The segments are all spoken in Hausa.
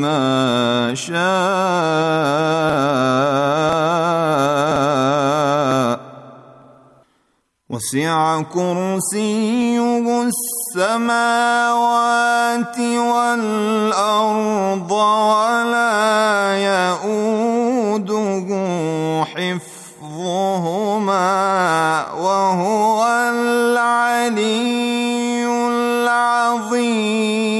ما شاء وسع كرسيه السماوات والارض ولا يئوده حفظهما وهو العلي العظيم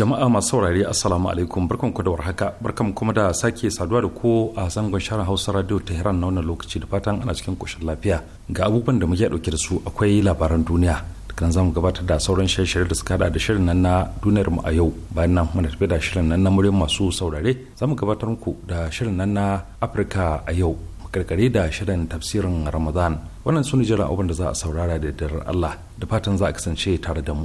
jama'a masu saurare assalamu alaikum barkan ku da warhaka barkan kuma da sake saduwa da ko a zangon shara hausa radio tehran na wannan lokaci da fatan ana cikin koshin lafiya ga abubuwan da muke dauke da su akwai labaran duniya daga zamu gabatar da sauran shirye da suka hada da shirin nan na duniyar mu a yau bayan nan muna tafi da shirin nan na muryar masu saurare zamu gabatar muku da shirin nan na afirka a yau karkare da shirin tafsirin ramadan wannan su jira abin da za a saurara da dar allah da fatan za a kasance tare da mu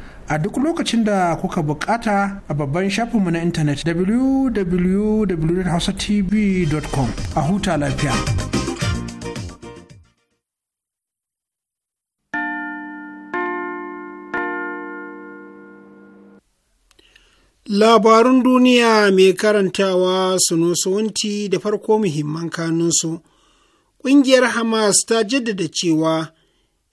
a duk lokacin da kuka bukata a babban shafinmu na intanet www.hausatv.com a huta lafiya. Labarun duniya mai karantawa su suwanti da farko muhimman kanunsu. Ƙungiyar Hamas ta jaddada cewa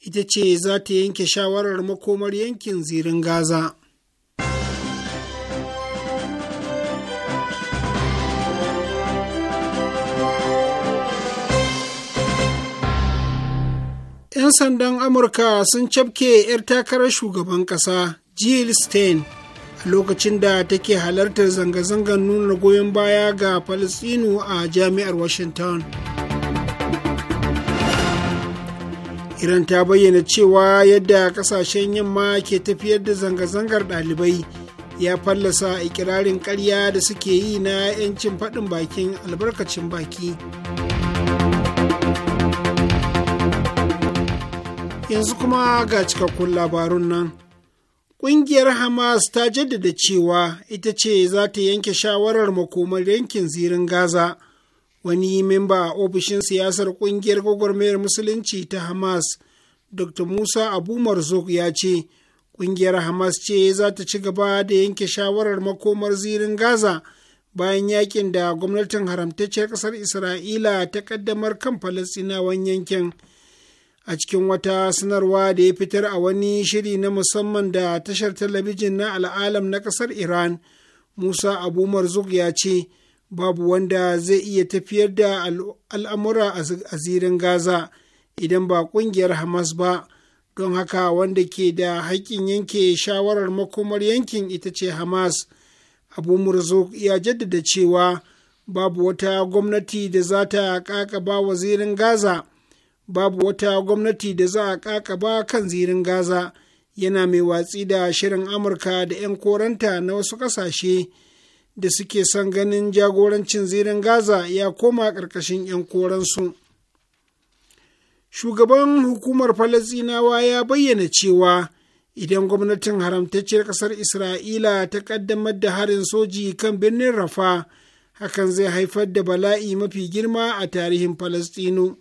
ita ce za ta yanke shawarar makomar yankin zirin Gaza. ‘Yan sandan Amurka sun cafke 'yar takarar shugaban ƙasa Jill Stein a lokacin da take halartar zanga-zangar nuna goyon baya ga Falasɗinu a jami'ar Washington. iran ta bayyana cewa yadda kasashen yamma ke tafiyar da zanga-zangar ɗalibai ya fallasa ikirarin ƙarya da suke yi na 'yancin faɗin bakin albarkacin baki yanzu kuma ga cikakkun labarun nan ƙungiyar hamas ta jaddada cewa ita ce za ta yanke shawarar makomar yankin zirin gaza wani memba a ofishin siyasar kungiyar gwagwarmayar musulunci ta hamas dr musa abu marzuk ya ce kungiyar hamas ce za ta ci gaba da yanke shawarar makomar zirin gaza bayan yakin da gwamnatin haramtacciyar ƙasar isra'ila ta ƙaddamar kan falastinawan yankin a cikin wata sanarwa da ya fitar a wani shiri na musamman da tashar talabijin na al'alam na ƙasar iran musa abu marzuk ya ce babu wanda zai iya tafiyar da al'amura a zirin gaza idan ba ƙungiyar hamas ba don haka wanda ke da haƙƙin yanke shawarar makomar yankin ita ce hamas abu murzuk ya jaddada cewa babu wata gwamnati da za ta ƙaƙaba wa zirin gaza babu wata gwamnati da za a ƙaƙaba kan zirin gaza yana mai watsi da shirin amurka da 'yan koranta na wasu ƙasashe. da suke son ganin jagorancin zirin Gaza ya koma ƙarƙashin 'yan koransu. Shugaban hukumar falasɗinawa ya bayyana cewa idan gwamnatin haramtacciyar ƙasar Isra'ila ta ƙaddamar da harin soji kan birnin Rafa, hakan zai haifar da bala'i mafi girma a tarihin falasɗinu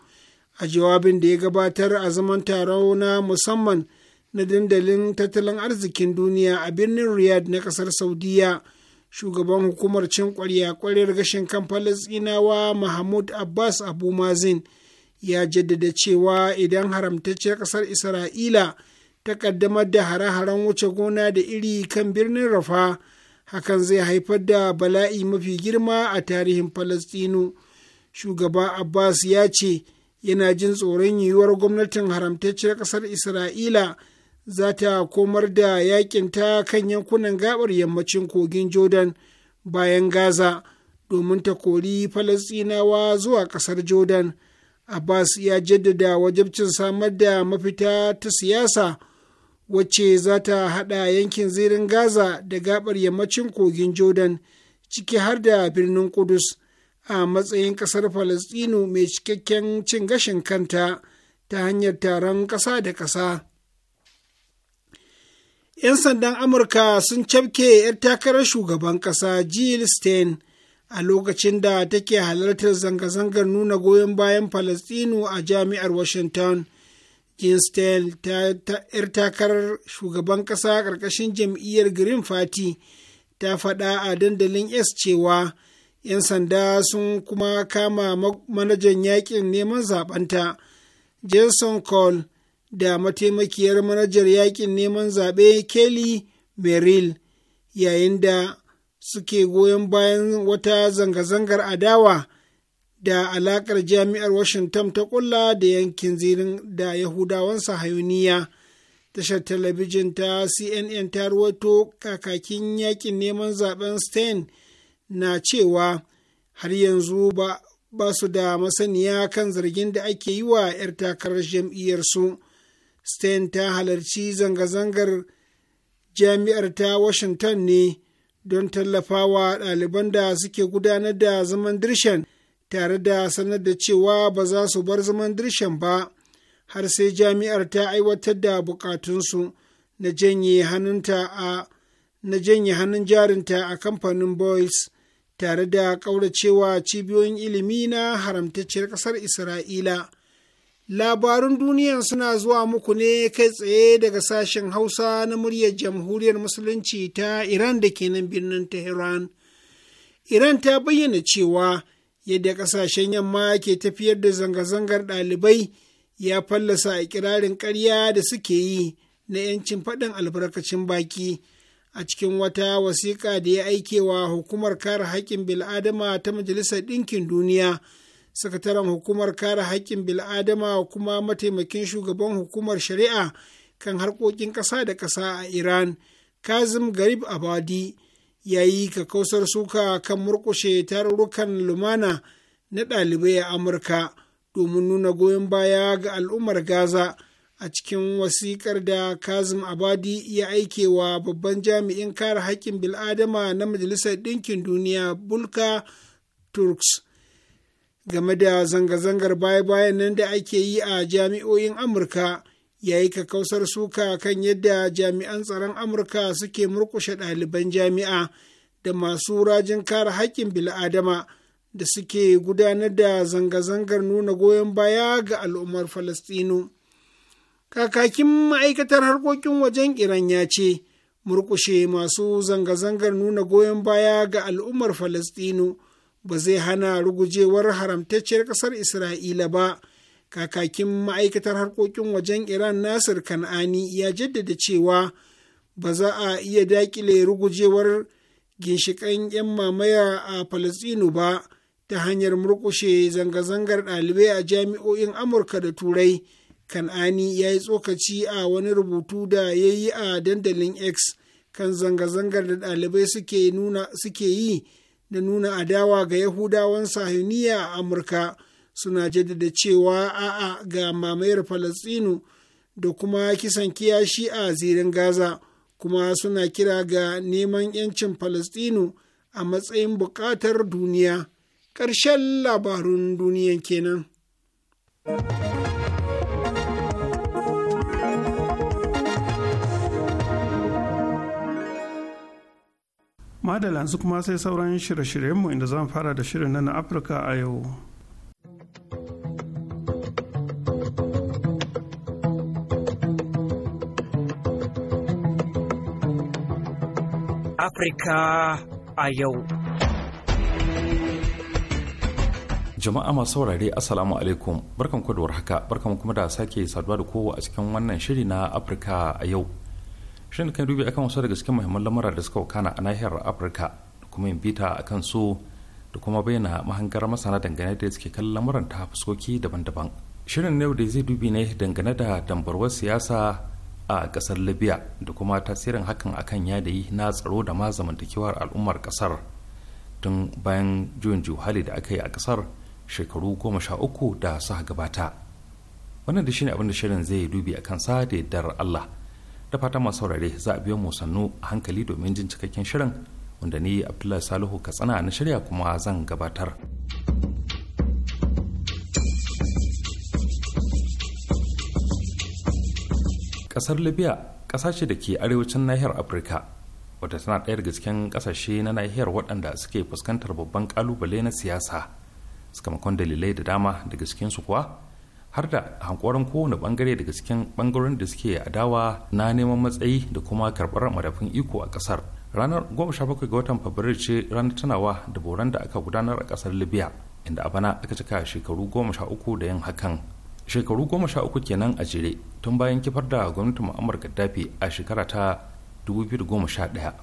A jawabin da ya gabatar a zaman taro na musamman na dandalin tattalin arzikin duniya a birnin Riyadh na ƙasar Saudiyya. shugaban hukumar cin ƙwarya kwarar gashin kan falasɗinawa mahmud abbas abu mazin ya jaddada cewa idan haramtacciyar ƙasar isra'ila ta ƙaddamar da hare-haren wuce gona da iri kan birnin rafa hakan zai haifar da bala'i mafi girma a tarihin falastinu shugaba abbas ya ce yana jin tsoron yiwuwar gwamnatin haramtacciyar ƙasar isra'ila za ta komar da yakinta kan yankunan gabar yammacin kogin jordan bayan gaza domin ta kori falasinawa zuwa kasar jordan abbas ya jaddada wajabcin samar da mafita ta siyasa wacce za ta haɗa yankin zirin gaza da gabar yammacin kogin jordan ciki har da birnin kudus a matsayin kasar falastinu mai cikakken cin gashin kanta ta hanyar taron kasa da kasa. ‘Yan sandan Amurka sun cafke ‘yar takarar shugaban ƙasa Jill Stein a lokacin da take halartar zanga-zangar nuna goyon bayan Falastinu a jami'ar Washington. Jill Stein ‘yar takarar shugaban ƙasa ƙarƙashin jam'iyyar Green Party ta faɗa a dandalin S cewa ‘yan sanda sun kuma kama manajan yakin neman zaɓenta Jason Cole. da mataimakiyar manajar yakin neman zaɓe kelly merrill yayin da suke goyon bayan wata zanga-zangar adawa da alaƙar jami'ar washington ta ƙulla da yankin zirin da yahudawan sahayuniya tashar talabijin ta cnn ta ruwato kakakin yakin neman zaben stein na cewa har yanzu ba, su da masaniya kan zargin da ake yi wa 'yar takarar jam'iyyarsu stein ta halarci zanga-zangar jami'ar ta washington ne don tallafawa ɗaliban da suke gudanar da zaman dirshan tare da sanar da cewa ba za su bar zaman dirshan ba har sai jami'ar ta aiwatar da bukatunsu na janye hannunta a na janye hannun jarinta a kamfanin boys tare da ƙauracewa cibiyoyin ilimi na haramtacciyar ƙasar isra'ila Labarun duniya suna zuwa muku ne kai tsaye daga sashen Hausa na muryar Jamhuriyar Musulunci ta Iran da ke nan birnin Tehran. Iran ta bayyana cewa yadda kasashen yamma ke tafiyar da zanga-zangar ɗalibai ya fallasa a ƙirarin ƙarya da suke yi na 'yancin faɗin albarkacin baki a cikin wata wasiƙa da ya aikewa hukumar kare haƙƙin bil'adama ta Majalisar Ɗinkin Duniya. sakataren hukumar kare haƙƙin bil'adama kuma mataimakin shugaban hukumar shari'a kan harkokin ƙasa da ƙasa a iran kazim garib abadi ya yi kakausar suka kan murƙushe tarurrukan lumana na ɗalibai a amurka domin nuna goyon baya ga al'ummar gaza a cikin wasiƙar da kazim abadi ya aike wa babban jami'in kare haƙƙin bil'adama na majalisar ɗinkin duniya bulka turks game da zanga-zangar baya-bayan nan da ake yi a jami'o'in amurka ya yi kakausar suka kan yadda jami'an tsaron amurka suke murkushe ɗaliban jami'a da masu rajin kare haƙƙin bil'adama da suke gudanar da zanga-zangar nuna goyon baya ga al'ummar falastinu kakakin ma'aikatar harkokin wajen iran ya ce murkushe masu zanga-zangar nuna goyon baya ga al'ummar falastinu ba zai hana rugujewar haramtacciyar ƙasar isra'ila ba kakakin ma'aikatar harkokin wajen iran nasir kan'ani ya jaddada cewa ba za a iya daƙile rugujewar ginshiƙan 'yan mamaya a falastinu ba ta hanyar murƙushe zanga-zangar ɗalibai a jami'o'in amurka da turai kan'ani ya yi tsokaci a wani rubutu da ya yi a dandalin x kan zanga-zangar da ɗalibai suke yi da nuna adawa ga yahudawan sahuniya a amurka suna jaddada cewa a'a ga mamayar falastinu da kuma kisan kiyashi a zirin gaza kuma suna kira ga neman 'yancin falastinu a matsayin buƙatar duniya karshen labarun duniyan kenan. madala yanzu kuma sai sauran shirye-shiryenmu inda zan fara da shirin na afirka a yau afirka a yau jama'a masu saurare assalamu alaikum barkan ku haka, barkan kuma da sake saduwa da kowa a cikin wannan shiri na afirka a yau shirin kan dubi akan wasu daga cikin muhimman lamura da suka wakana a nahiyar afirka da kuma yin bita a kan su da kuma bayyana mahangar masana dangane da suke kallon lamuran ta fuskoki daban-daban shirin yau da zai dubi ne dangane da dambarwar siyasa a kasar libya da kuma tasirin hakan akan yadayi na tsaro da ma zamantakewar al'ummar kasar tun bayan juyin juhali da aka yi a kasar shekaru goma sha uku da suka gabata wannan da shine abin da shirin zai dubi a sa da yardar allah da fata masu saurare za a biyo mu sannu a hankali domin jin cikakken shirin wanda ni abdullahi salihu katsina na shirya kuma zan gabatar kasar libya ƙasa da ke arewacin nahiyar afirka wata tana ɗaya daga cikin ƙasashe na nahiyar waɗanda suke fuskantar babban ƙalubale na siyasa sakamakon dalilai da dama daga cikinsu kuwa har da hankoron kowane bangare daga cikin bangaren da suke adawa na neman matsayi da kuma karɓar madafin iko a ƙasar ranar 17 ga watan fabrairu ce ranar tunawa da boran da aka gudanar a ƙasar libya inda a bana aka cika shekaru 13 da yin hakan shekaru 13 kenan a jere tun bayan kifar da gwamnatin mu'ammar gaddafi a shekara ta 2011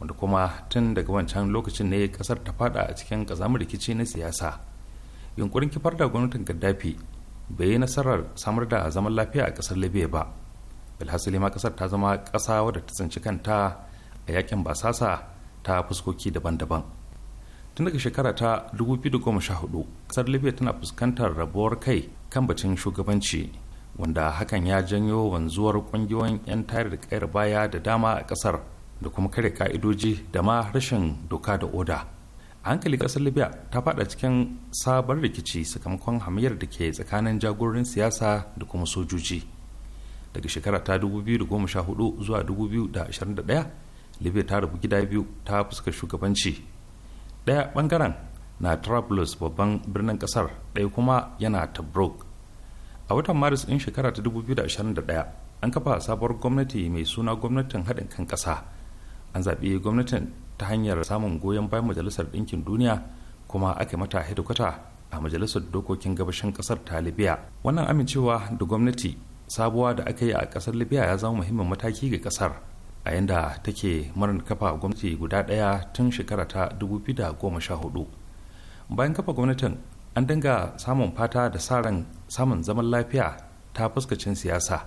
wanda kuma tun daga wancan lokacin ne kasar ta fada a cikin kazamin rikici na siyasa yunkurin kifar da gwamnatin gaddafi bai yi nasarar samar da zaman lafiya a ƙasar libya ba bilhassali ma kasar ta zama ƙasa wadda ta tsinci kanta a yakin basasa ta fuskoki daban-daban tun daga shekara ta 2014 ƙasar libya tana fuskantar rabuwar kai kan batun shugabanci wanda hakan ya janyo wanzuwar ƙungiyoyin 'yan tare da kayar baya da dama a ƙasar da kuma kare ka'idoji da ma rashin doka da oda hankali kasar libya ta fada cikin sabon rikici sakamakon hamayyar da ke tsakanin jagororin siyasa da kuma sojoji daga shekara ta 2014 zuwa 2021 libya ta rabu gida biyu ta fuska shugabanci daya bangaren na trablus babban birnin kasar daya kuma yana tobruk a watan maris din shekara ta 2021 an kafa sabuwar gwamnati mai suna gwamnatin haɗin kan ƙasa an zaɓi gwamnatin ta hanyar samun goyon bayan majalisar ɗinkin duniya kuma aka mata hedikwata a majalisar dokokin gabashin ƙasar ta libya wannan amincewa da gwamnati sabuwa da aka yi a ƙasar libya ya zama muhimmin mataki ga ƙasar a yanda take marin kafa gwamnati guda ɗaya tun shekara ta goma sha hudu bayan kafa gwamnatin an dinga samun fata da sa ran samun zaman lafiya ta fuskacin siyasa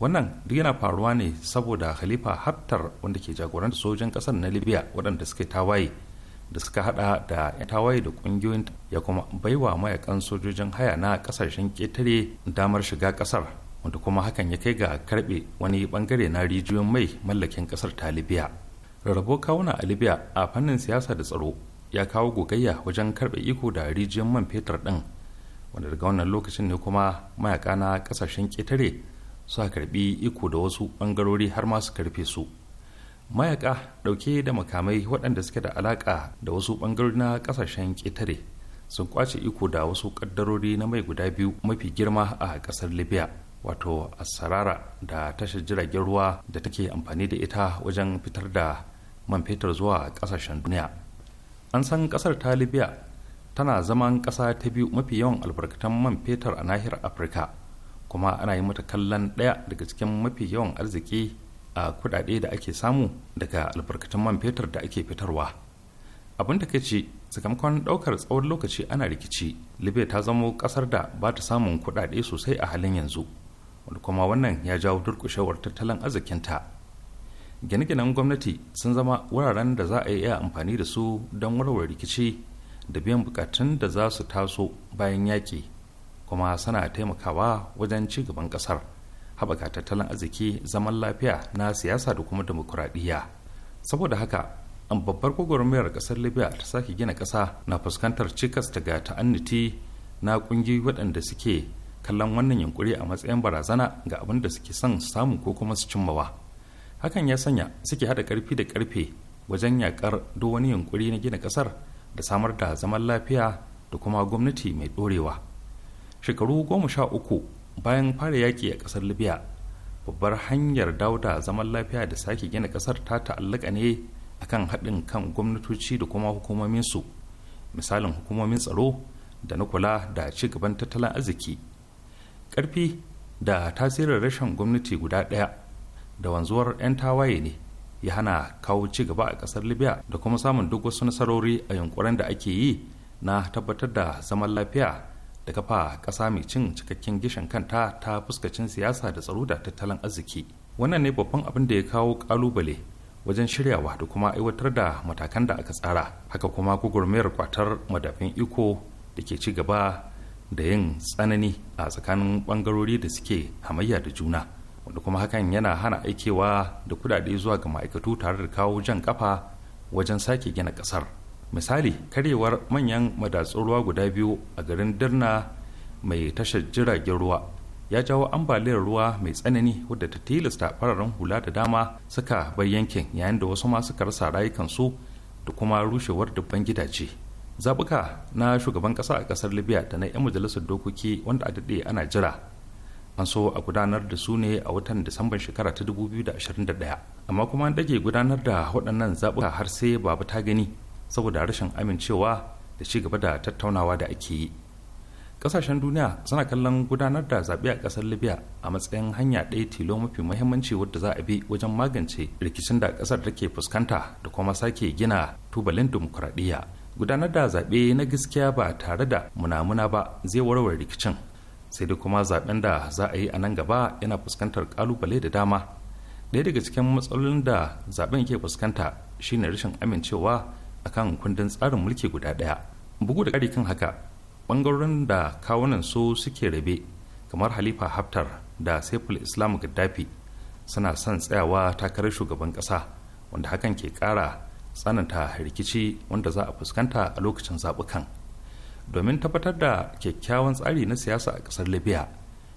wannan duk yana faruwa ne saboda khalifa haftar wanda ke jagoranta sojin kasar na libya waɗanda suke tawaye da suka hada da yan tawaye da kungiyoyin ya kuma baiwa mayakan sojojin haya na kasashen ketare damar shiga kasar wanda kuma hakan ya kai ga karbe wani bangare na rijiyoyin mai mallakin kasar ta libya rarrabo kawuna a libya a fannin siyasa da tsaro ya kawo gogayya wajen karbe iko da rijiyoyin man fetur din wanda daga wannan lokacin ne kuma mayaka na kasashen ketare suka karbi iko da wasu bangarori har ma su karfe su mayaka dauke da makamai waɗanda suke da alaƙa da wasu bangarori na ƙasashen ƙetare sun kwace iko da wasu ƙaddarori na mai guda biyu mafi girma a ƙasar libya wato asarara da tashar jiragen ruwa da take amfani da ita wajen fitar da man fetur zuwa ƙasashen duniya an san ƙasar ta libya tana zaman ƙasa ta biyu mafi yawan albarkatun man fetur a nahiyar afirka kuma ana yi mata kallon ɗaya daga cikin mafi yawan arziki a kudade da ake samu daga albarkatun man fetur da ake fitarwa abin da kai ce sakamakon ɗaukar tsawon lokaci ana rikici libya ta zamo ƙasar da ba ta samun kudade sosai a halin yanzu wanda kuma wannan ya jawo durƙushewar tattalin arzikinta gine-ginen gwamnati sun zama wuraren da za a iya amfani da su don warware rikici da biyan bukatun da za su taso bayan yaƙi kuma suna taimakawa wajen ci gaban ƙasar haɓaka tattalin arziki zaman lafiya na siyasa da kuma demokuraɗiyya saboda haka an babbar gwagwarmayar ƙasar libya ta sake gina ƙasa na fuskantar cikas daga ta'anniti na ƙungiyoyi waɗanda suke kallon wannan yunkuri a matsayin barazana ga abin da suke son samu ko kuma su cimmawa hakan ya sanya suke haɗa ƙarfi da ƙarfe wajen yaƙar duk wani yunkuri na gina ƙasar da samar da zaman lafiya da kuma gwamnati mai ɗorewa shekaru goma sha uku bayan fara yaƙi a ƙasar libya babbar hanyar dawo zaman lafiya da sake gina ƙasar ta ta'allaka ne a kan haɗin kan gwamnatoci da kuma hukumominsu misalin hukumomin tsaro da na kula da ci gaban tattalin arziki ƙarfi da tasirin rashin gwamnati guda ɗaya da wanzuwar 'yan tawaye ne ya hana kawo ci gaba a ƙasar libya da kuma samun duk wasu nasarori a yunkurin da ake yi na tabbatar da zaman lafiya da kafa ƙasa mai cin cikakken gishan kanta ta fuskacin siyasa da tsaro da tattalin arziki wannan ne babban abin da ya kawo kalubale wajen shiryawa da kuma aiwatar da matakan da aka tsara haka kuma gugurmayar kwatar madafin iko da ke ci gaba da yin tsanani a tsakanin bangarori da suke hamayya da juna wanda kuma hakan yana hana aikewa da kudade zuwa ga ma'aikatu tare da kawo jan kafa wajen sake gina kasar misali karyewar manyan madatsun ruwa guda biyu a garin dirna mai tashar jiragen ruwa ya jawo ambaliyar ruwa mai tsanani wadda ta tilasta fararen hula da dama suka bar yankin yayin da wasu ma suka rasa rayukansu da kuma rushewar dubban gidaje zabuka na shugaban kasa a kasar libya da na 'yan majalisar dokoki wanda a daɗe ana jira an so a gudanar da su ne a watan disamban shekara ta 2021 amma kuma an dage gudanar da waɗannan zabuka har sai babu ta gani saboda rashin amincewa da ci gaba da tattaunawa da ake yi kasashen duniya suna kallon gudanar da zaɓe a ƙasar libya a matsayin hanya ɗaya tilo mafi muhimmanci wadda za a bi wajen magance rikicin da ƙasar take fuskanta da kuma sake gina tubalin dimokuraɗiyya gudanar da zaɓe na gaskiya ba tare da munamuna ba zai warware rikicin sai da kuma zaɓen da za a yi a nan gaba yana fuskantar ƙalubale da dama ɗaya daga cikin matsalolin da zaɓen ke fuskanta shine rashin amincewa kan kundin tsarin mulki guda ɗaya bugu da ƙari kan haka bangaren da kawunan su suke rabe kamar halifa haftar da saiful islam gaddafi suna son tsayawa takarar shugaban ƙasa wanda hakan ke ƙara tsananta rikici wanda za a fuskanta a lokacin zaɓukan domin tabbatar da kyakkyawan tsari na siyasa a ƙasar libya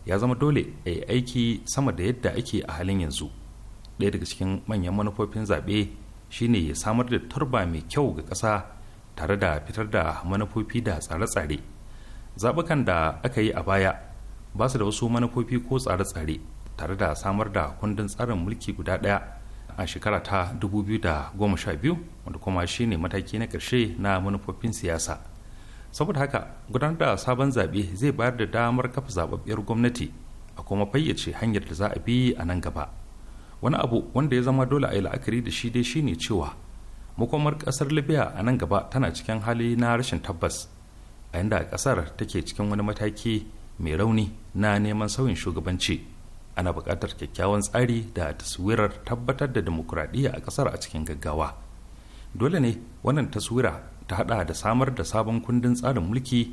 ya zama dole a yi aiki sama da yadda ake a halin yanzu ɗaya daga cikin manyan manufofin zaɓe shine ya samar da turba mai kyau ga ƙasa tare da fitar da manufofi da tsare-tsare zaɓukan da aka yi a baya ba su da wasu manufofi ko tsare-tsare tare da samar da kundin tsarin mulki guda ɗaya a shekara ta 2012 wanda kuma shine mataki na ƙarshe na manufofin siyasa saboda haka gudanar da sabon zaɓe zai bayar da damar kafa zaɓaɓɓiyar gwamnati a kuma fayyace hanyar da za a bi a nan gaba wani abu wanda ya zama dole a yi la'akari da shi dai shine cewa makomar kasar libya a nan gaba tana cikin hali na rashin tabbas a inda kasar take cikin wani mataki mai rauni na neman sauyin shugabanci ana buƙatar kyakkyawan tsari da taswirar tabbatar da demokuraɗiyya a kasar a cikin gaggawa dole ne wannan taswira ta hada da samar da sabon kundin tsarin mulki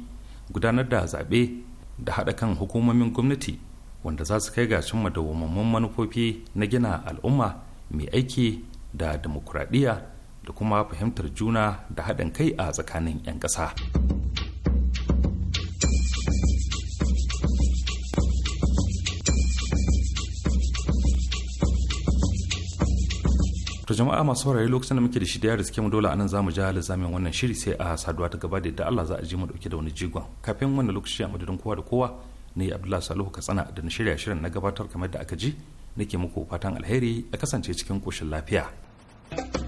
gudanar da zaɓe da haɗa kan hukumomin gwamnati wanda za su kai ga da dawwammamin manufofi na gina al'umma mai aiki da demokuraɗiyya da kuma fahimtar juna da haɗin kai a tsakanin 'yan ƙasa. to jama'a masu saurare lokacin da muke da shi da yare suke mu dole anan zamu ja lizamin wannan shiri sai a saduwa ta gaba da Allah za a ji mu dauke da wani jigon kafin wannan lokaci a madadin kowa da kowa ni abdullahi salihu katsina da na shirya shirin na gabatar kamar da aka ji nake muku fatan alheri a kasance cikin koshin lafiya thank you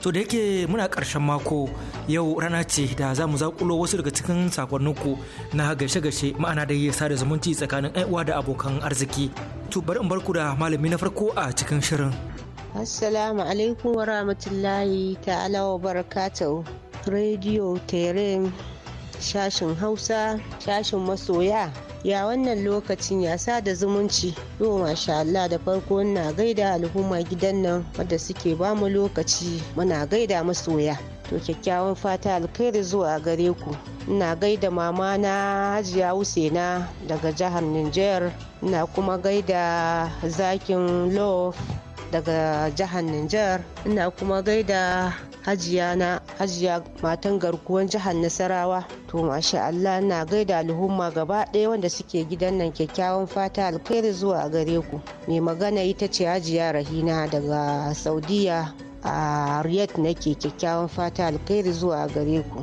To da yake muna karshen mako yau rana ce da za mu zaƙulo wasu daga cikin sakonninku na gaishe-gaishe ma'ana da yi sada zumunci tsakanin uwa da abokan arziki. To bari in ku da malami na farko a cikin shirin. Assalamu alaikum wa rahmatullahi ta'ala wa barakatuhu. Radio Terim, shashin Hausa, shashin masoya. ya wannan lokacin ya sa da zumunci yau masha Allah da farko na gaida al'umma gidan nan wadda suke bamu lokaci muna gaida masoya to kyakkyawan fata alkhairi zuwa gare ku ina gaida mama na hajiya husaina daga jihar niger ina kuma gaida zakin love daga jihar Nijar ina kuma gaida hajiya na hajiya matan garkuwan jihar Nasarawa to masha Allah ina gaida al'umma gaba ɗaya wanda suke gidan nan kyakkyawan fata alkhairi zuwa gare ku mai magana ita ce hajiya Rahina daga Saudiya a Riyadh nake kyakkyawan fata alkhairi zuwa gare ku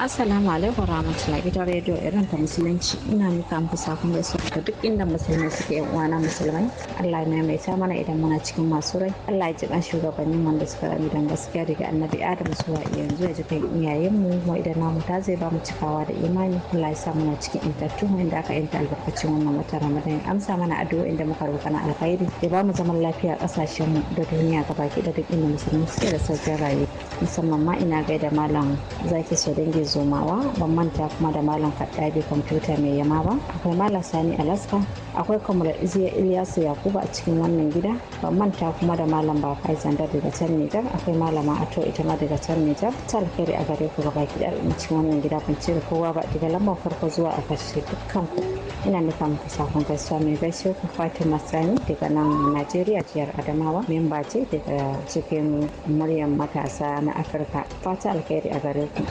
Assalamu alaikum rahmatullahi ita radio irin ta musulunci ina muka muku sakon gaisuwa ga duk inda musulmi suke yan uwana musulmai Allah ya maimaita mana idan muna cikin masu rai Allah ya ji shugabanni shugabannin wanda suka rami dan gaskiya daga annabi Adam zuwa yanzu ya ji kan iyayen mu mu idan namu ta zai ba mu cikawa da imani Allah ya sa muna cikin intattu inda aka yanta albarkacin wannan wata Ramadan amsa mana addu'o inda muka roƙa na alkhairi ya ba mu zaman lafiya kasashen mu da duniya gabaki da duk inda musulmi suke da sauƙin rayuwa musamman ma ina gaida malam zaki so dangi ke zomawa ban manta kuma da malam kaddabi kwamfuta mai yama ba akwai malam sani alaska akwai kamar iziya ilyasu yakuba a cikin wannan gida ban manta kuma da malam ba zanda daga can nijar akwai malama ato ita ma daga can nijar ta alheri a gare ku gaba ki ɗaya cikin wannan gida ban cire kowa ba daga lambar farko zuwa a ƙarshe dukkan ku ina nufa muku sakon gaisuwa mai gaisuwa ku fatima sani daga nan najeriya jihar adamawa memba ce daga cikin muryan matasa na afirka fata alheri a gare ku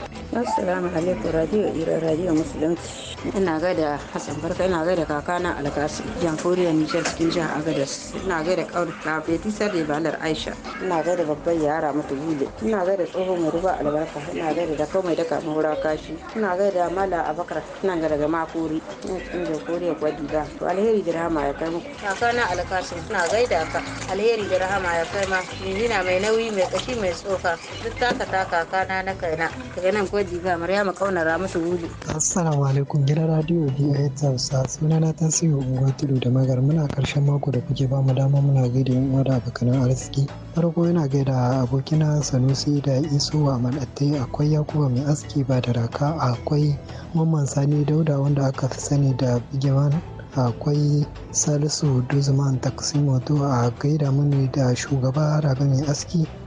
Assalamu alaikum radio Ira radio Musulunci. Ina gaida Hassan Barka ina gaida kakana Alkasi Jamhuriyar Nijar cikin jihar Agadez. Ina gaida Kauru Kafeti da Balar Aisha. Ina gaida babban yara mata Gule. Ina gaida tsohon mai ruba albarka. Ina gaida da kawai mai daka wura kashi. Ina gaida Mala Abakar. Ina gaida ga Makuri. Ina cikin Jamhuriyar Gwadiga. To alheri da rahama ya kai muku. Kakana Alkasi ina gaida ka. Alheri da rahama ya kai ma. Mijina mai nauyi mai kashi mai tsoka. Duk taka ta kakana na kaina. Daga nan Gwadiga ga Maryam Kaunara Ramatu Wuli. Assalamu alaikum gidan radio BIT Hausa sunana ta sayo unguwa tudu da magar muna karshen mako da kuke ba mu dama muna gaida yan uwa da abokanan arziki. Farko yana gaida abokina Sanusi da Iso wa Malatte akwai Yakuba mai aski ba da raka akwai Mamman Sani Dauda wanda aka fi sani da Bigeman akwai Salisu Duzman Taksimoto a gaida mini da shugaba Rabe mai aski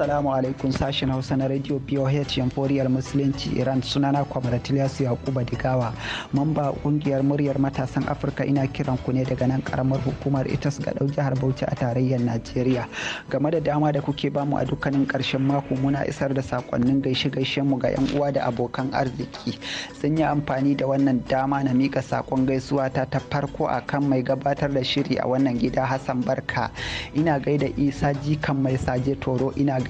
Assalamu alaikum sashen Hausa na Radio POH Yamforiyar Musulunci Iran sunana Kwamratiliyasu Yakuba Digawa. Mamba kungiyar muryar matasan Afirka ina kiran ku ne daga nan karamar hukumar ITAS ga dau jihar Bauchi a tarayyar Najeriya. Game da dama da kuke bamu a dukkanin karshen mako muna isar da sakonnin gaishe-gaishen mu ga 'yan uwa da abokan arziki. Sun yi amfani da wannan dama na mika sakon gaisuwa ta ta farko akan mai gabatar da shiri a wannan gida Hassan Barka. Ina gaida Isa Jikan mai saje Toro ina gaida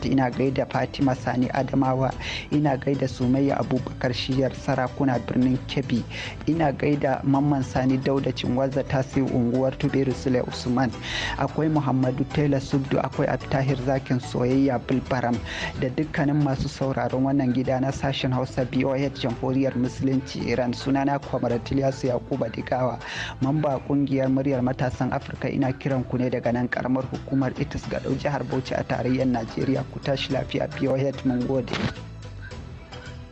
ina gaida Fatima Sani Adamawa ina gaida Sumayya Abubakar Shiyar Sarakuna birnin Kebbi ina gaida Mamman Sani Dauda Cinwaza Tasi unguwar Tuberu Sule Usman akwai Muhammadu Taylor Subdu akwai Abtahir Zakin Soyayya Bilbaram da dukkanin masu sauraron wannan gida na sashen Hausa BOH Jamhuriyar Musulunci Iran sunana Kwamar Tiliyasu Yakuba Digawa mamba kungiyar muryar matasan Afirka ina kiran ku ne daga nan karamar hukumar Itis ga jihar Bauchi a tarayyar Najeriya ku tashi lafiya pure head mun gode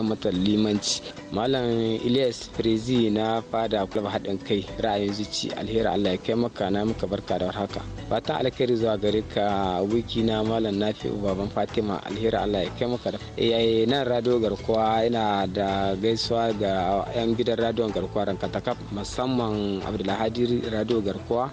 haɗa mata limanci malam ilyas frezi na fada kulab haɗin kai ra'ayin zuci alheri allah ya kai maka na muka barka da warhaka fatan alkhairi zuwa gare ka wiki na malam nafi baban fatima alheri allah ya kai maka da eh, nan radio garkuwa yana da gaisuwa ga yan gidan radio garkuwa rankata kaf musamman abdulhadi radio garkuwa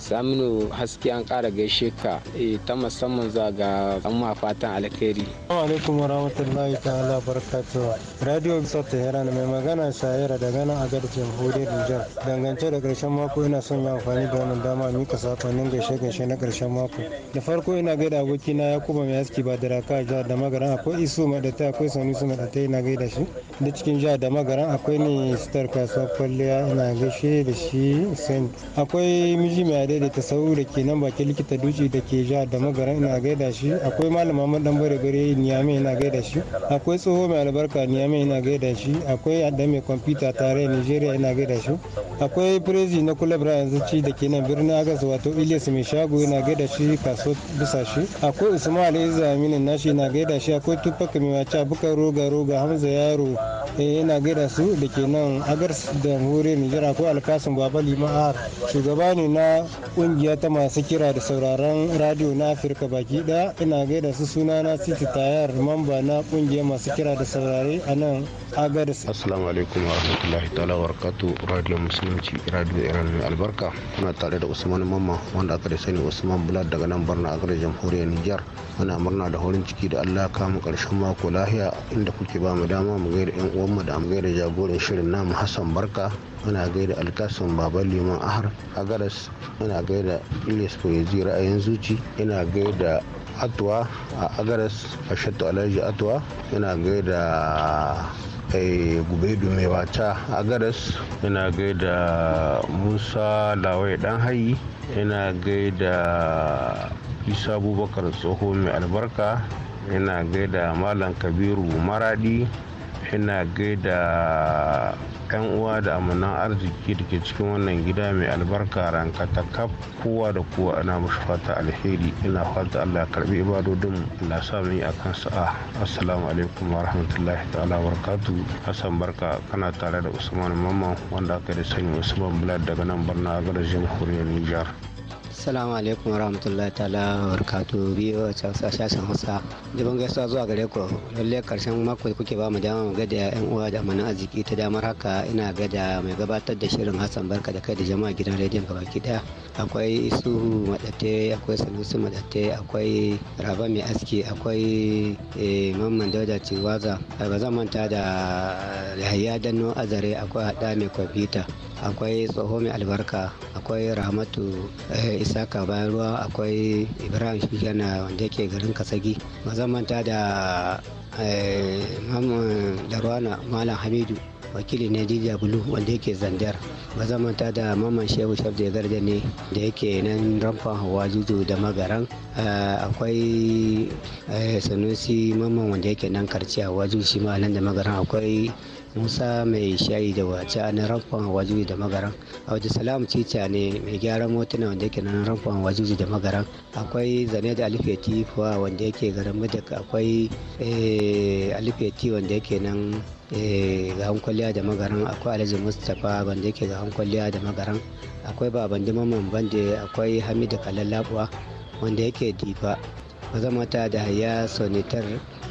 saminu haske an kara gaishe ka eh, ta musamman za ga amma fatan alkhairi assalamu alaikum warahmatullahi ta'ala barkatu radio bisar tehran mai magana da daga nan agar jamhuriyar nijar dangance da karshen mako ina son yi amfani da wannan dama mika sakonnin gaishe gaishe na karshen mako da farko ina gaida abokina yakuba mai haske ba daraka a jihar da magaran akwai isu mai da ta akwai sanusu mai da ta ina gaida shi da cikin jihar da magaran akwai ne sitar kasuwa kwalliya ina gaishe da shi sen akwai miji mai daidaita sauru da ke nan bakin likita duci da ke ja da magaran ina gaida shi akwai malama madan bare bare niyame ina gaida shi akwai tsoho mai albarka niyame ina gaida shi akwai adda mai kwamfuta tare nigeria ina gaida shi akwai prezi na kula yanzu ci da ke nan birnin agas wato ilyas mai shago ina gaida shi kaso bisa shi akwai usman aliza aminin nashi ina gaida shi akwai tufaka mai wace buka roga roga hamza yaro eh, ina gaida su da ke nan agar da hure nigeria akwai alkasin babali lima'ar ah, shugaba ne na kungiya ta masu kira da sauraron radio na afirka baki daya ina gaida su suna na city tayar mamba na kungiyar masu kira da saurare a nan agaris assalamu alaikum wa rahmatullahi ta'ala wa barakatu radio musulunci radio iran albarka kuna tare da usman mamma wanda aka da sani usman bulat daga nan barna agar jamhuriyar niger muna murna da horin ciki da allah kama karshen mako lahiya inda kuke ba mu dama mu gaida yan uwanmu da mu gaida jagoran shirin namu hassan barka muna gaida alkasun baba liman ahar agaras muna gaida ilis poezi ra'ayin zuci ina gaida atuwa a agaras a shattu alhaji atuwa ina gaida eh, gube mai wata a garas ina gaida musa lawai dan hayi ina gaida isa abubakar tsoho mai albarka ina gaida malam kabiru maradi ina gaida yan uwa da amanan arziki da ke cikin wannan gida mai albarka rankata kaf kowa da kowa ana mashi fata alheri ina fata allah karbi ibadodin ina sa a yi akan sa'a assalamu alaikum wa rahmatullahi ta'ala wa barakatu hassan barka kana tare da usman mamman wanda aka da sani usman blad daga nan barna a garajin jamhuriyar nijar Assalamu alaikum rahmatullahi ta'ala barkatu biyu a sashen Hausa. Jibin gaisuwa zuwa gare ku lalle karshen mako da kuke ba mu dama mu gada yan uwa da amana arziki ta damar haka ina gada mai gabatar da shirin Hassan Barka da kai da jama'a gidan rediyon ki daya. Akwai Isu madate akwai Sanusi madate akwai Raba Mai Aski, akwai eh, Mamman Dauda Ciwaza. Ba zan manta da Yahaya Danno Azare, akwai Hada Mai Kwafita, akwai Tsoho Mai Albarka, akwai Rahmatu eh, Saka bayan ruwa akwai ibrahim shigana wanda ke garin kasagi mazamanta da eh, darwana malam hamidu wakili ne dija bulu wanda yake zandar mazamanta da maman shehu shabda ya garda ne da yake nan ramfan hawa juju da magaran eh, akwai eh, sanusi maman wanda yake nan karciya wajen shi ma nan da magaran akwai musa mai shayi da wace a nan ramfon wajuji da magaran a wajen salamu cica ne mai gyaran motuna wanda yake nan ramfon wajuji da magaran akwai zane da alifeti fuwa wanda yake garin mudak akwai eh, alifeti wanda yake nan eh, ga hankwaliya da magaran akwai alhaji mustapha wanda yake ga hankwaliya da magaran akwai baban dimaman bande akwai hamidu kalallabuwa wanda yake difa mazamata da haya sonitar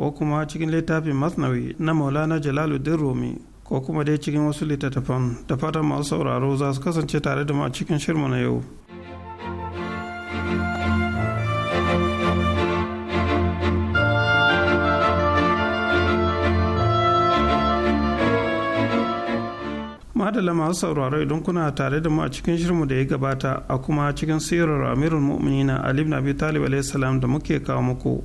ko kuma cikin littafin masnawi na maulana jalaluddin rumi ko kuma dai cikin wasu littattafan da fatan masu sauraro za su kasance tare da mu a cikin shirmu na yau madalla masu sauraro idan kuna tare da mu a cikin shirmu da ya gabata a kuma cikin sirar amirul mu'minina ali ibn abi talib alayhi salam da muke kawo muku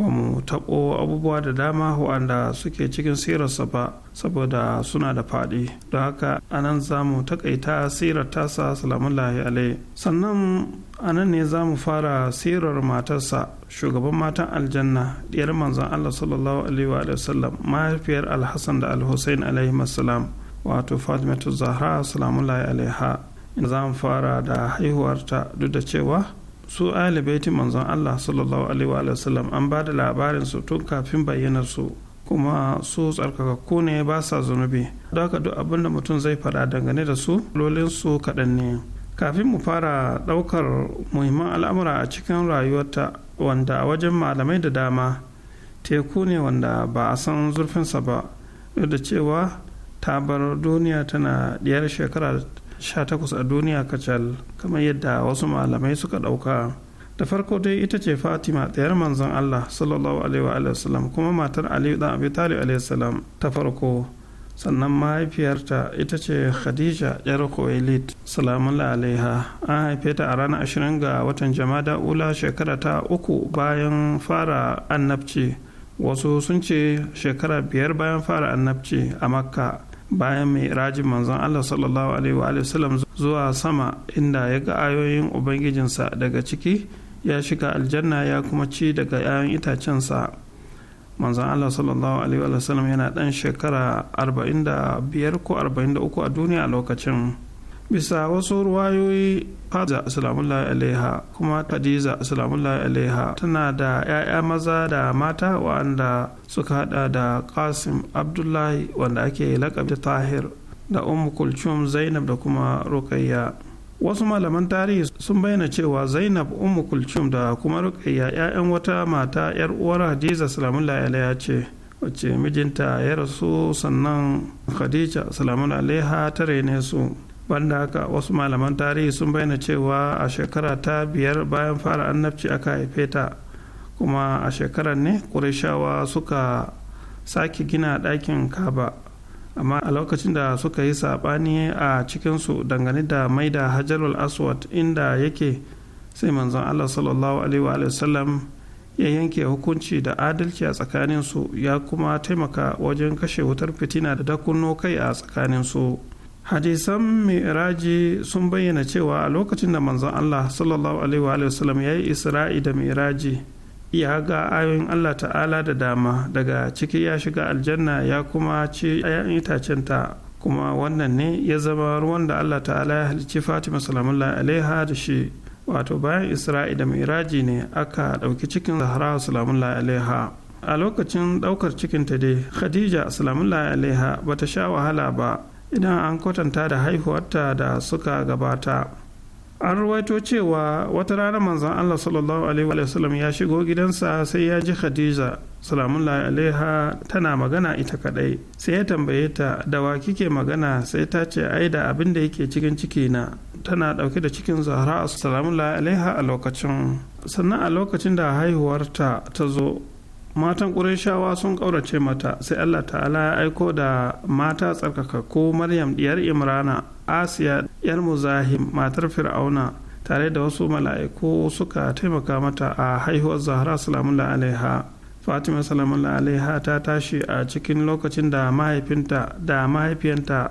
ba mu taɓo abubuwa da dama waɗanda suke cikin sirarsa ba saboda suna da faɗi don haka a nan za mu taƙaita sirar tasa salamullahi alai sannan a nan ne za mu fara sirar matarsa shugaban matan aljanna ɗiyar manzon allah sallallahu alaihi wa sallam mahaifiyar alhassan da alhussein alaihi salam wato fatimatu zahra ha alaiha za mu fara da haihuwarta duk da cewa su ahli baitin manzon Allah sallallahu alaihi wa an ba da labarin su tun kafin bayyanar su kuma su tsarkakakku ne ba sa zunubi don haka duk abin da mutum zai faɗa dangane da su lolin su kaɗan ne kafin mu fara ɗaukar muhimman al'amura a cikin rayuwarta wanda a wajen malamai da dama teku ne wanda ba a san zurfinsa ba duk da cewa tabar duniya tana ɗiyar shekara 18 a duniya kacal kamar yadda wasu malamai suka ɗauka da farko dai ita ce fatima ɗayar manzon allah sallallahu alaihi wa kuma matar aliyu dan abi talib alaihi ta farko sannan mahaifiyarta ita ce khadija yar khuwailid salamun alaiha an haife ta a ranar 20 ga watan jama'a ula shekara ta uku bayan fara annabci wasu sun ce shekara biyar bayan fara annabci a makka bayan mai rajin manzon Allah sallallahu alaihi wa sallam zuwa sama inda ya ga ayoyin ubangijinsa daga ciki ya shiga aljanna ya kuma ci daga 'ya'yan itacensa manzon Allah sallallahu alaihi wa yana dan shekara 45 ko 43 a duniya a lokacin bisa wasu ruwayoyi Hadiza salamullahi alaiha kuma Hadiza salamullahi alaiha tana da 'ya'ya maza da mata wanda suka hada da Qasim Abdullahi wanda ake ta Tahir da umu Kulcum Zainab da kuma Rukayya. Wasu malaman tarihi sun bayyana cewa Zainab umu Kulcum da kuma Rukayya 'ya'yan wata mata 'yar uwar Hadiza salamullahi alaiha ce. wacce mijinta ya rasu sannan Khadija salamun alaiha ta rene su. banda haka wasu malaman tarihi sun bayyana cewa a shekara ta biyar bayan fara annabci aka haife ta kuma a shekarar ne kurishawa suka sake gina ɗakin kaba amma a lokacin da suka yi saɓani a cikinsu dangane da mai da hajarul aswad inda yake sai manzon allah sallallahu alaihi wa sallam ya yanke hukunci da adalci a tsakaninsu ya kuma taimaka wajen kashe wutar fitina da dakunno kai a tsakaninsu hadisan mi'raji sun bayyana cewa a lokacin da manzon allah sallallahu alaihi wa ya yi isra'i da mi'raji ya ga ayoyin allah ta'ala da dama daga ciki ya shiga aljanna ya kuma ci ayan itacen ta kuma wannan ne ya zama ruwan da allah ta'ala ya halicci fatima salamullahi alaiha da shi wato bayan isra'i da mi'raji ne aka ɗauki cikin zahra salamullahi alaiha a lokacin ɗaukar cikinta dai khadija salamullahi alaiha bata sha wahala ba idan an kwatanta da haihuwarta da suka gabata an ruwaito cewa wata rana manzon Allah sallallahu alaihi ya shigo gidansa sai ya ji Khadija salamun alaiha tana magana ita kadai sai ya tambaye ta da wa kike magana sai ta ce ai da abin da yake cikin ciki na tana dauke da cikin Zahra salamun alaiha a lokacin sannan a lokacin da haihuwarta ta zo matan ƙurashawa sun ƙaurace mata sai allah ta'ala ya aiko da mata tsarkaka ko maryam ɗiyar imrana asiya yar muzahim matar fir'auna tare da wasu mala'iku suka taimaka mata a haihuwar zahra salamullah alaiha fatima salamullah alaiha ta tashi a cikin lokacin da mahaifinta da mahaifiyanta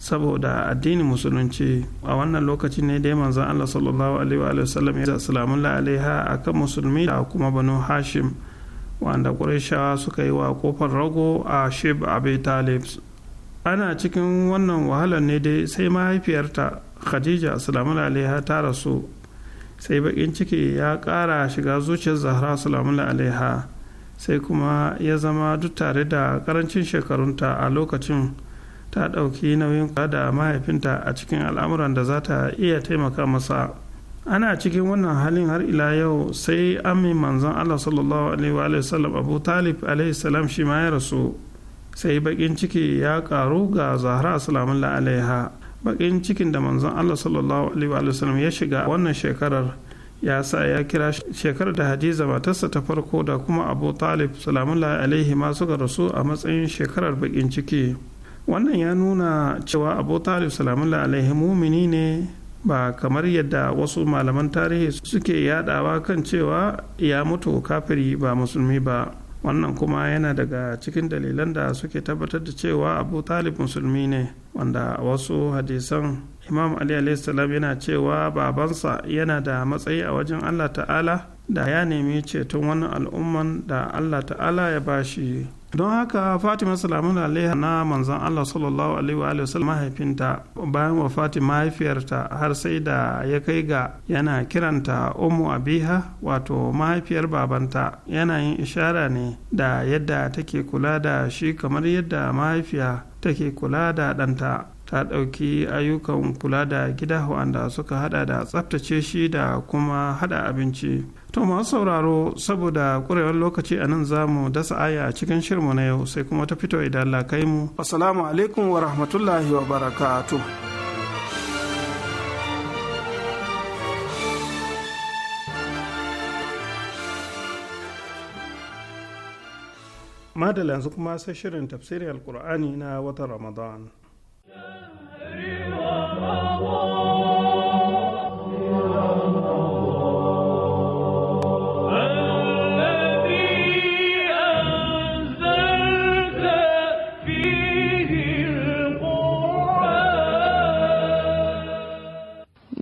saboda addinin musulunci a wannan lokaci ne dai manzon Allah sallallahu alaihi wa sallam ya salamu alaiha akan musulmi da kuma banu Hashim wanda Qurayshawa suka yi wa kofar rago a Shib Abi Talib ana cikin wannan wahalar ne dai sai mahaifiyarta Khadija salamun alaiha ta rasu sai bakin ciki ya kara shiga zuciyar Zahra salamun alaiha sai kuma ya zama duk tare da karancin shekarunta a lokacin ta ɗauki nauyin kula da mahaifinta a cikin al'amuran da za ta iya taimaka masa ana cikin wannan halin har ila yau sai amin manzon allah sallallahu alaihi wa sallam abu talib alaihi salam shi ma ya rasu sai bakin ciki ya karu ga zahra salamun alaiha bakin cikin da manzon allah sallallahu alaihi wa sallam ya shiga wannan shekarar ya sa ya kira shekarar da hadiza matarsa ta farko da kuma abu talib salamun alaihi ma suka rasu a matsayin shekarar bakin ciki wannan ya nuna cewa abu talib salamullah alaihi mumini ne ba kamar yadda wasu malaman tarihi suke yadawa kan cewa ya mutu kafiri ba musulmi ba wannan kuma yana daga cikin dalilan da suke tabbatar da cewa abu talib musulmi ne wanda wasu hadisan imam ali salam yana cewa babansa yana da matsayi a wajen allah ta'ala da ya nemi ceton wani al'umman da allah ta'ala ya bashi don haka fatima salamun alaiha na manzon allah sallallahu alaihi wa sallam mahaifinta bayan wa fatima mahaifiyarta har sai da ya kai ga yana kiranta umu abiha wato mahaifiyar babanta yana yin ishara ne da yadda take kula da shi kamar yadda mahaifiya take kula da ɗanta ta ɗauki ayyukan kula da gida wanda suka hada da tsaftace shi da kuma hada abinci To masu sauraro saboda kurewar lokaci a nan za mu dasa aya a cikin shirmu na yau sai kuma ta fito idan Allah kai mu. Assalamu alaikum wa rahmatullahi wa barakatu. Madalla yanzu kuma sai shirin tafsirin Alkur'ani na watan Ramadan.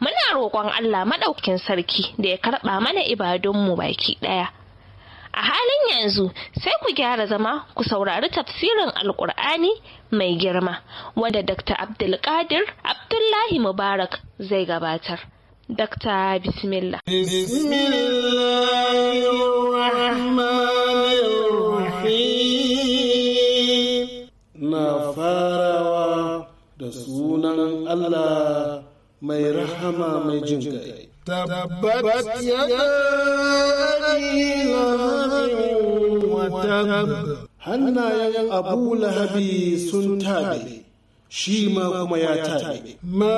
muna roƙon Allah maɗaukin sarki da ya karɓa mana ibadunmu baki ɗaya. A halin yanzu sai ku gyara zama ku saurari tafsirin Alƙur'ani mai girma wanda Dr. Abdulkadir Abdullahi Mubarak zai gabatar. Dr. Bismillah. Na farawa da sunan Allah mai rahama mai jin kai. Tabbat ya Hannayen Abu Lahabi sun tabe, shi ma kuma ya tabe. Ma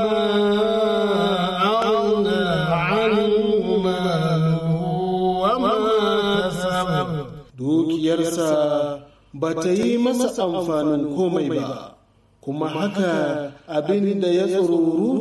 Dukiyarsa ba ta yi masa amfanin komai ba, kuma haka abin da ya tsoro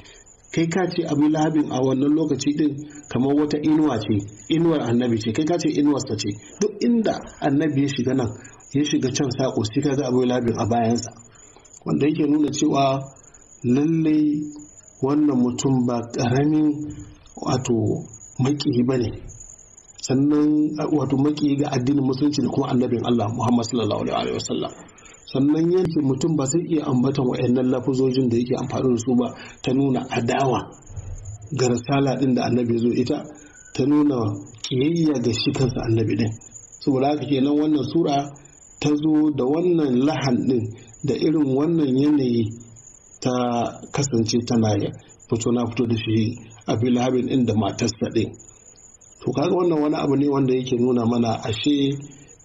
kai ka ce abu labin a wannan lokaci din kamar wata inuwa ce inuwar annabi ce kai ka ce inuwarsa ce duk inda annabi ya shiga nan ya shiga can saƙo sai ka ga abu labin a bayansa wanda yake nuna cewa lallai wannan mutum ba ƙaramin wato makihi ba ne sannan wato makihi ga addinin musulunci da kuma annabin Allah Muhammad sallallahu alaihi wasallam sannan yanke mutum ba zai iya ambatan wa'annan lafuzojin da yake amfani da su ba ta nuna adawa ga risala din da annabi zo ita ta nuna kiyayya ga shi kansa annabi din saboda haka kenan wannan sura ta zo da wannan lahan din da irin wannan yanayi ta kasance tana fito na fito da shi a filhabin din da matarsa din to kaga wannan wani abu ne wanda yake nuna mana ashe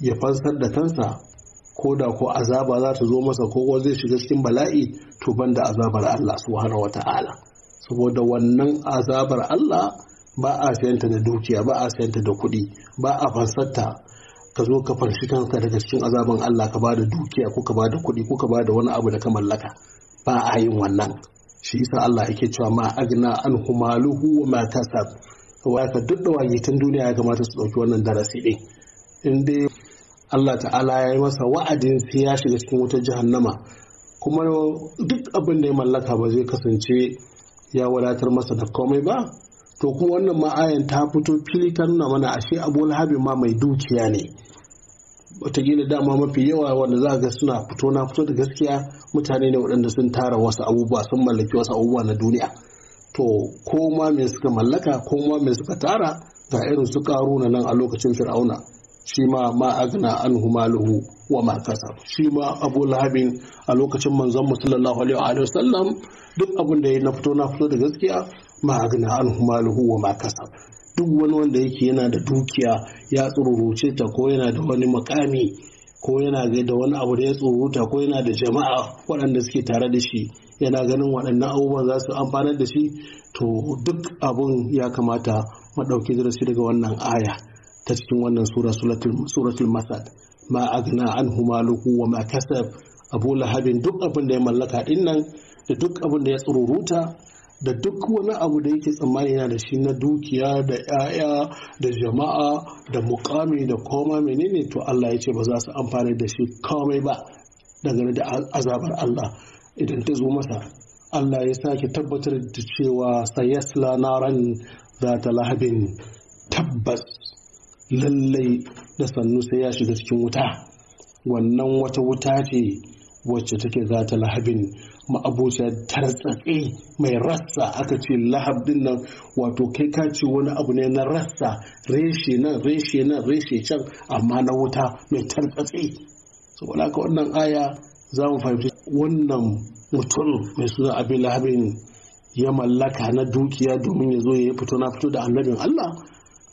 ya fansar da kansa ko da ko azaba za ta zo masa ko zai shiga cikin bala'i to ban da azabar Allah subhanahu wata'ala saboda wannan azabar Allah ba a sayanta da dukiya ba a sayanta da kuɗi ba a fansarta ka zo ka fanshi kanka daga cikin azaban Allah ka ba da dukiya ko ka ba da kuɗi ko ka ba da wani abu da ka mallaka ba a yin wannan shi isa Allah yake cewa ma agna an humaluhu wa ma kasab wa ka duk da duniya ya kamata su dauki wannan darasi din in dai Allah ta'ala ya yi masa wa'adin sai ya shiga cikin wutar jahannama kuma duk abin da ya mallaka ba zai kasance ya wadatar masa da komai ba to kuma wannan ma'ayan ta fito fili ta nuna mana ashe abu alhabi ma mai dukiya ne wataƙila dama mafi yawa wanda za ga suna fito na fito da gaskiya mutane ne waɗanda sun tara wasu abubuwa sun mallaki wasu abubuwa na duniya to ko ma me suka mallaka ko ma me suka tara ga irin su ƙaru na nan a lokacin fir'auna shi ma ma agna an humaluhu wa ma kasab shi ma abu lahabin a lokacin manzon mu sallallahu alaihi wa sallam duk abin da ya na fito na fito da gaskiya ma agna an humaluhu wa ma kasab duk wani wanda yake yana da dukiya ya tsururuce ta ko yana da wani makami ko yana da wani abu da ya tsuruta ko yana da jama'a waɗanda suke tare da shi yana ganin waɗannan abubuwan za su amfanar da shi to duk abun ya kamata maɗauki darasi daga wannan aya ta cikin wannan sura suratul masad ma agna anhu maluhu wa ma kasab abu lahabin duk abin da ya mallaka din nan da duk abin da ya tsururuta da duk wani abu da yake tsammani yana da shi na dukiya da 'ya'ya da jama'a da mukami da koma menene to Allah ya ce ba za su amfani da shi komai ba dangane da azabar Allah idan ta zo masa Allah ya sake tabbatar da cewa sayasla naran za ta lahabin tabbas lallai da sannu sai ya shiga cikin wuta wannan wata wuta ce wacce take za ta lahabin ma'abuciya tartsatse mai rassa aka ce lahab nan wato kai ka ce wani abu ne na rassa reshe nan reshe nan reshe can amma na wuta mai tartsatse saboda ka wannan aya za mu fahimci wannan mutum mai suna abin lahabin ya mallaka na dukiya domin ya zo ya fito na fito da annabin Allah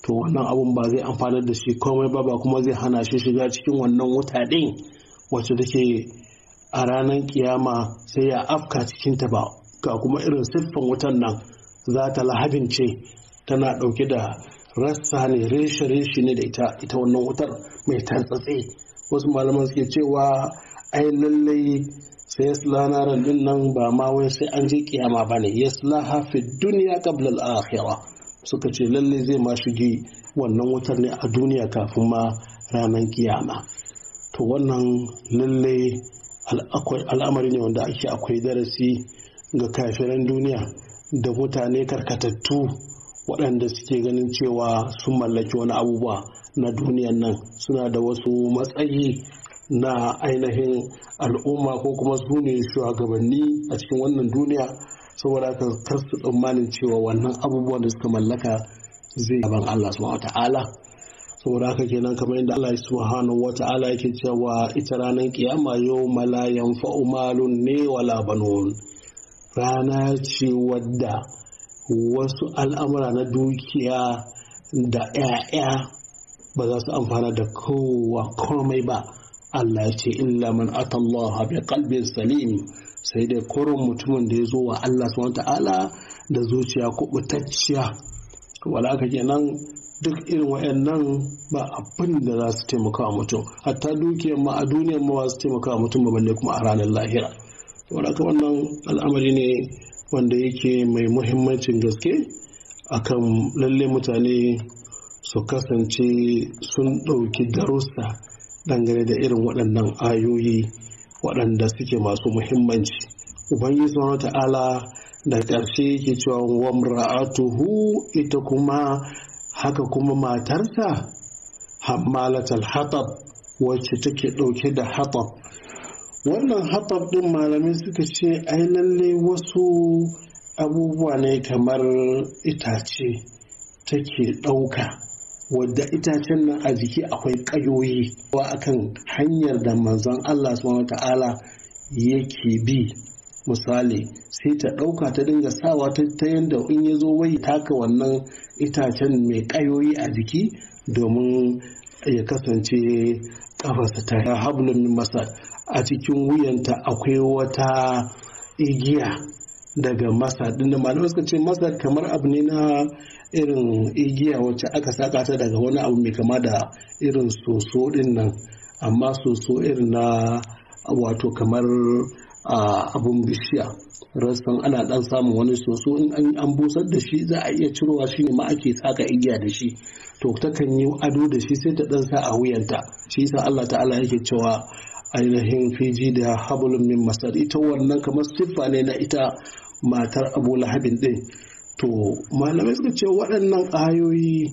to wannan abun ba zai amfanar da shi komai ba ba kuma zai hana shi shiga cikin wannan wuta din? wacce take a ranar kiyama sai ya afka cikinta ba ga kuma irin siffan wutan nan za ta lahabin ce tana ɗauke da rassa ne reshe-reshe ne da ita wannan wutar mai tantsatse wasu malaman suke cewa ai lallai sai yasla naran din nan ba ma wai sai an je kiyama bane ne yasla hafi duniya qabla al-akhirah suka ce lalle zai ma shige wannan wutar ne a duniya kafin ma ranar kiyama to wannan lalle al'amari ne wanda ake akwai darasi ga kafiran duniya da mutane karkatattu waɗanda suke ganin cewa sun mallaki wani abubuwa na duniyan nan suna da wasu matsayi na ainihin al'umma ko kuma su ne shugabanni a cikin wannan duniya saboda haka kar su tsammanin cewa wannan abubuwan da suka mallaka zai yaban Allah subhanahu wata'ala saboda haka kenan kamar yadda Allah subhanahu wata'ala yake cewa ita ranar kiyama yau mala yanfa'u malun ne wala banun rana ce wadda wasu al'amura na dukiya da 'ya'ya ba za su amfana da kowa komai ba Allah ya ce illa man atallaha bi qalbin salim sai dai koron mutumin da ya zo wa Allah subhanahu ta'ala da zuciya kubutacciya wala ke kenan duk irin wayannan ba abin da za su taimaka wa mutum hatta dukiyar ma a duniyar ma za su taimaka wa mutum ba balle kuma a ranar lahira wala ka wannan al'amari ne wanda yake mai muhimmancin gaske akan lalle mutane su kasance sun ɗauki darussa dangane da irin waɗannan ayoyi waɗanda suke masu muhimmanci ubangiji wa ta'ala da ƙarshe yake cewa wamra'atuhu ita kuma haka kuma matarsa hammalatal hatab wacce take ɗauke da hatab wannan hatab ɗin malamai suka ce ai lalle wasu abubuwa ne kamar itace take ɗauka wadda itacen nan a jiki akwai ƙayoyi wa akan hanyar da manzon Allah subhanahu ta'ala yake bi misali sai ta ɗauka ta dinga sawa ta ta yadda in ya zo wai taka wannan itacen mai ƙayoyi a jiki domin ya kasance ƙafarsa ta hablun masa masar a cikin wuyanta akwai wata igiya daga masa din da malamai suka ce masa kamar abu ne na irin igiya wacce aka saka ta daga wani abu mai kama da irin soso din nan amma soso irin na wato kamar abun bishiya rassan ana dan samun wani soso in an an busar da shi za a iya cirowa shi ne ma ake saka igiya da shi to ta kan yi ado da shi sai ta dan sa a wuyanta shi yasa Allah ta'ala yake cewa ainihin fiji da hablum min masar ita wannan kamar siffa ne na ita matar abu lahabin ɗin to malamai suka ce waɗannan ayoyi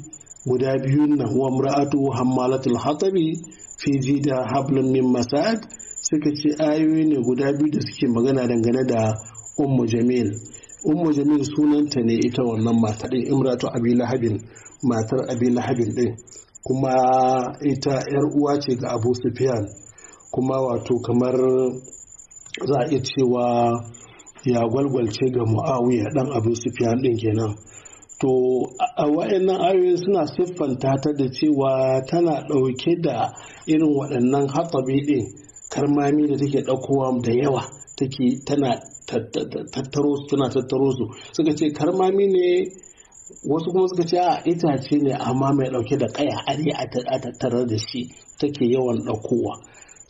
guda biyu nan wa mura'atu hammalatul hatabi fi da hablun min masad suka ce ayoyi ne guda biyu da suke magana dangane da ummu jamil ummu jamil sunanta ne ita wannan mata din imratu abi lahabin matar abi lahabin din kuma ita yar uwa ce ga abu sufyan kuma wato kamar za a iya cewa ya gwalgwalce ga mu'awiya dan abu sufiyan din kenan to a wa'annan ayoyi suna siffanta ta da cewa tana ɗauke da irin waɗannan hatsabi ɗin karmami da take ɗaukowa da yawa take tana tattaro su tana tattaro su suka ce karmami ne wasu kuma suka ce a itace ne amma mai ɗauke da ƙaya ari a tattara da shi take yawan ɗaukowa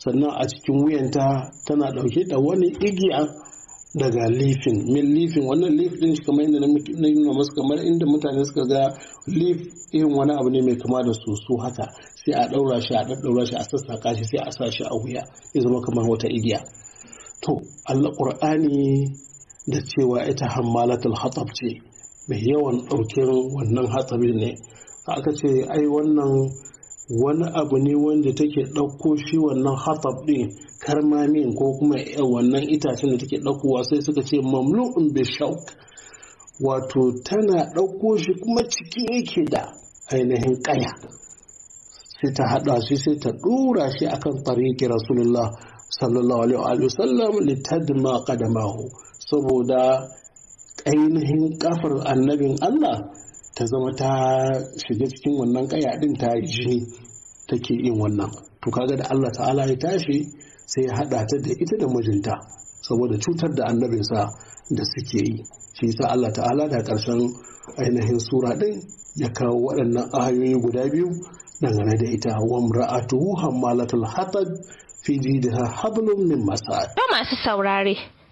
sannan a cikin wuyanta tana ɗauke da wani igiya daga lifin min lifin wannan lif din shi kamar inda na nuna masu kamar inda mutane suka ga lif irin wani abu ne mai kama da soso haka sai a ɗaura shi a ɗaɗɗaura shi a sassaka shi sai a sa shi a wuya ya zama kamar wata igiya to Allah ƙur'ani da cewa ita hammalatul hatsab ce mai yawan ɗaukin wannan hatsabin ne aka ce ai wannan wani abu ne wanda take ɗauko shi wannan hatsab ɗin karmamin ko kuma eh, wannan itacen da take ɗaukowa sai suka ce mamlu'un bi shauk wato tana ɗauko shi kuma ciki yake da ainihin ƙaya sai ta haɗa shi sai ta ɗora shi akan tariki rasulullah sallallahu alaihi wasallam litadma qadamahu saboda ainihin ƙafar annabin Allah ta zama ta shiga cikin wannan ƙaya ɗin ta jini take yin wannan to kaga da Allah ta'ala ya tashi sai ya haɗa ta da ita da mijinta saboda cutar da annabinsa da suke yi shi sa Allah ta'ala da ƙarshen ainihin sura ɗin ya kawo waɗannan ayoyi guda biyu dangane da ita wa ra'atuhu hammalatul hatab fi jidha hablum min masad to masu saurare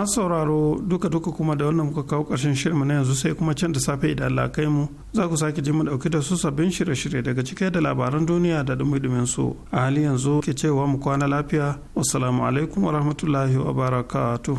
masu sauraro duka duka kuma da wannan muka kawo ƙarshen shirinmu na yanzu sai kuma can da safe idan Allah kai mu za ku sake ji mu dauki da su sabbin shirye-shirye daga cike da labaran duniya da dumi-dumin su a hali yanzu ke cewa mu kwana lafiya wassalamu alaikum wa barakatu.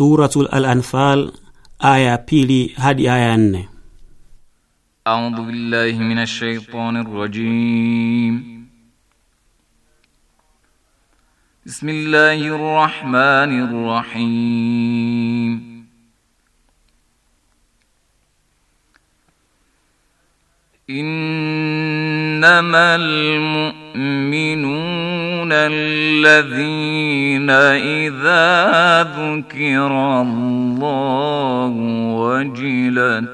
Suratul Al-Anfal aya pili hadi aya nne. A'udhu billahi minash shaitanir rajim. Bismillahir rahmanir rahim. إنما المؤمنون الذين إذا أبكر الله وجلت